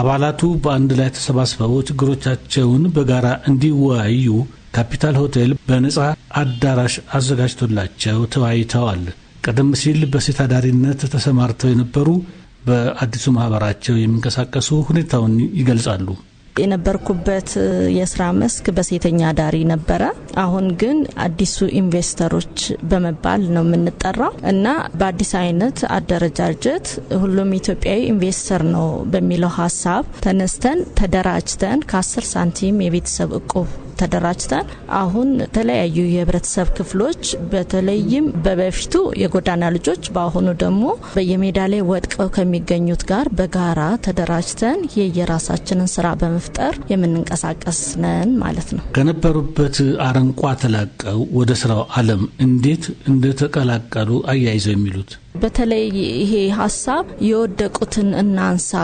አባላቱ በአንድ ላይ ተሰባስበው ችግሮቻቸውን በጋራ እንዲወያዩ ካፒታል ሆቴል በነጻ አዳራሽ አዘጋጅቶላቸው ተወያይተዋል። ቀደም ሲል በሴት አዳሪነት ተሰማርተው የነበሩ በአዲሱ ማህበራቸው የሚንቀሳቀሱ ሁኔታውን ይገልጻሉ። የነበርኩበት የስራ መስክ በሴተኛ አዳሪ ነበረ። አሁን ግን አዲሱ ኢንቨስተሮች በመባል ነው የምንጠራው እና በአዲስ አይነት አደረጃጀት ሁሉም ኢትዮጵያዊ ኢንቨስተር ነው በሚለው ሀሳብ ተነስተን ተደራጅተን ከአስር ሳንቲም የቤተሰብ እቁብ ተደራጅተን አሁን የተለያዩ የህብረተሰብ ክፍሎች በተለይም በበፊቱ የጎዳና ልጆች በአሁኑ ደግሞ በየሜዳ ላይ ወድቀው ከሚገኙት ጋር በጋራ ተደራጅተን የየራሳችንን ስራ በመፍጠር የምንንቀሳቀስ ነን ማለት ነው። ከነበሩበት አረንቋ ተላቀው ወደ ስራው አለም እንዴት እንደተቀላቀሉ አያይዘው የሚሉት በተለይ ይሄ ሀሳብ የወደቁትን እናንሳ፣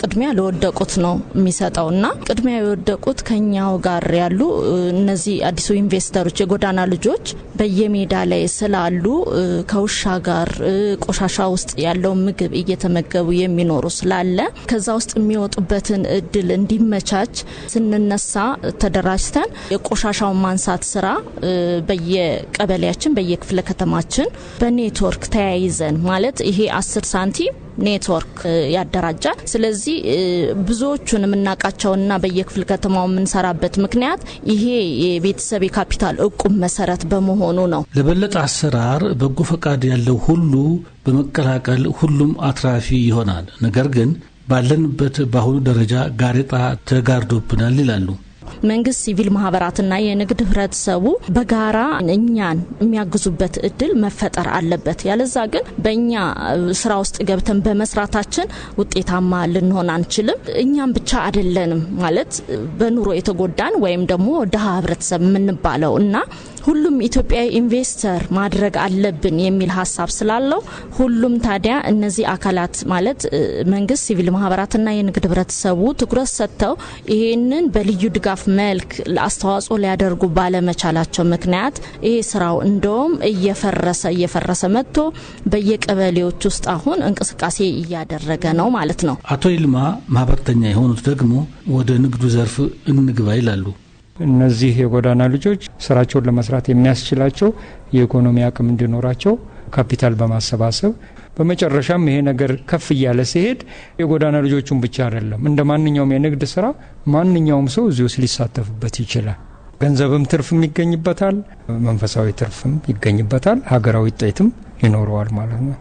ቅድሚያ ለወደቁት ነው የሚሰጠው እና ቅድሚያ የወደቁት ከኛው ጋር ያሉ እነዚህ አዲሱ ኢንቨስተሮች የጎዳና ልጆች በየሜዳ ላይ ስላሉ ከውሻ ጋር ቆሻሻ ውስጥ ያለው ምግብ እየተመገቡ የሚኖሩ ስላለ ከዛ ውስጥ የሚወጡበትን እድል እንዲመቻች ስንነሳ ተደራጅተን የቆሻሻውን ማንሳት ስራ በየቀበሌያችን በየክፍለ ከተማችን በኔትወርክ ተያይዘን ማለት ይሄ አስር ሳንቲም ኔትወርክ ያደራጃል። ስለዚህ ብዙዎቹን የምናውቃቸውና በየክፍል ከተማው የምንሰራበት ምክንያት ይሄ የቤተሰብ የካፒታል እቁም መሰረት በመሆኑ ነው። ለበለጠ አሰራር በጎ ፈቃድ ያለው ሁሉ በመቀላቀል ሁሉም አትራፊ ይሆናል። ነገር ግን ባለንበት በአሁኑ ደረጃ ጋሬጣ ተጋርዶብናል ይላሉ። መንግስት፣ ሲቪል ማህበራትና የንግድ ህብረተሰቡ በጋራ እኛን የሚያግዙበት እድል መፈጠር አለበት። ያለዛ ግን በእኛ ስራ ውስጥ ገብተን በመስራታችን ውጤታማ ልንሆን አንችልም። እኛም ብቻ አይደለንም ማለት በኑሮ የተጎዳን ወይም ደግሞ ድሀ ህብረተሰብ የምንባለው እና ሁሉም ኢትዮጵያዊ ኢንቨስተር ማድረግ አለብን የሚል ሀሳብ ስላለው ሁሉም ታዲያ እነዚህ አካላት ማለት መንግስት፣ ሲቪል ማህበራትና የንግድ ህብረተሰቡ ትኩረት ሰጥተው ይህንን በልዩ ድጋፍ መልክ አስተዋጽኦ ሊያደርጉ ባለመቻላቸው ምክንያት ይሄ ስራው እንደውም እየፈረሰ እየፈረሰ መጥቶ በየቀበሌዎች ውስጥ አሁን እንቅስቃሴ እያደረገ ነው ማለት ነው። አቶ ይልማ ማህበርተኛ የሆኑት ደግሞ ወደ ንግዱ ዘርፍ እንግባ ይላሉ። እነዚህ የጎዳና ልጆች ስራቸውን ለመስራት የሚያስችላቸው የኢኮኖሚ አቅም እንዲኖራቸው ካፒታል በማሰባሰብ በመጨረሻም ይሄ ነገር ከፍ እያለ ሲሄድ የጎዳና ልጆቹን ብቻ አይደለም፣ እንደ ማንኛውም የንግድ ስራ ማንኛውም ሰው እዚህ ውስጥ ሊሳተፍበት ይችላል። ገንዘብም ትርፍም ይገኝበታል፣ መንፈሳዊ ትርፍም ይገኝበታል፣ ሀገራዊ ውጤትም ይኖረዋል ማለት ነው።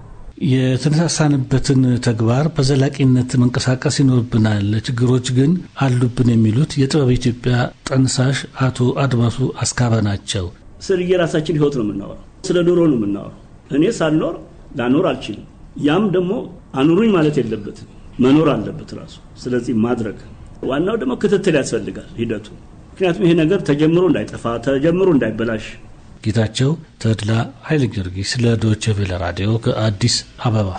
የተነሳሳንበትን ተግባር በዘላቂነት መንቀሳቀስ ይኖርብናል፣ ችግሮች ግን አሉብን የሚሉት የጥበብ ኢትዮጵያ ጠንሳሽ አቶ አድማሱ አስካበ ናቸው። ስለ የራሳችን ህይወት ነው የምናወራው፣ ስለ ኑሮ ነው የምናወራው። እኔ ሳልኖር ላኖር አልችልም። ያም ደግሞ አኑሩኝ ማለት የለበትም፣ መኖር አለበት ራሱ። ስለዚህ ማድረግ ዋናው ደግሞ ክትትል ያስፈልጋል ሂደቱ። ምክንያቱም ይሄ ነገር ተጀምሮ እንዳይጠፋ ተጀምሮ እንዳይበላሽ ጌታቸው ተድላ ኃይለ ጊዮርጊስ ለዶይቼ ቬለ ራዲዮ ከአዲስ አበባ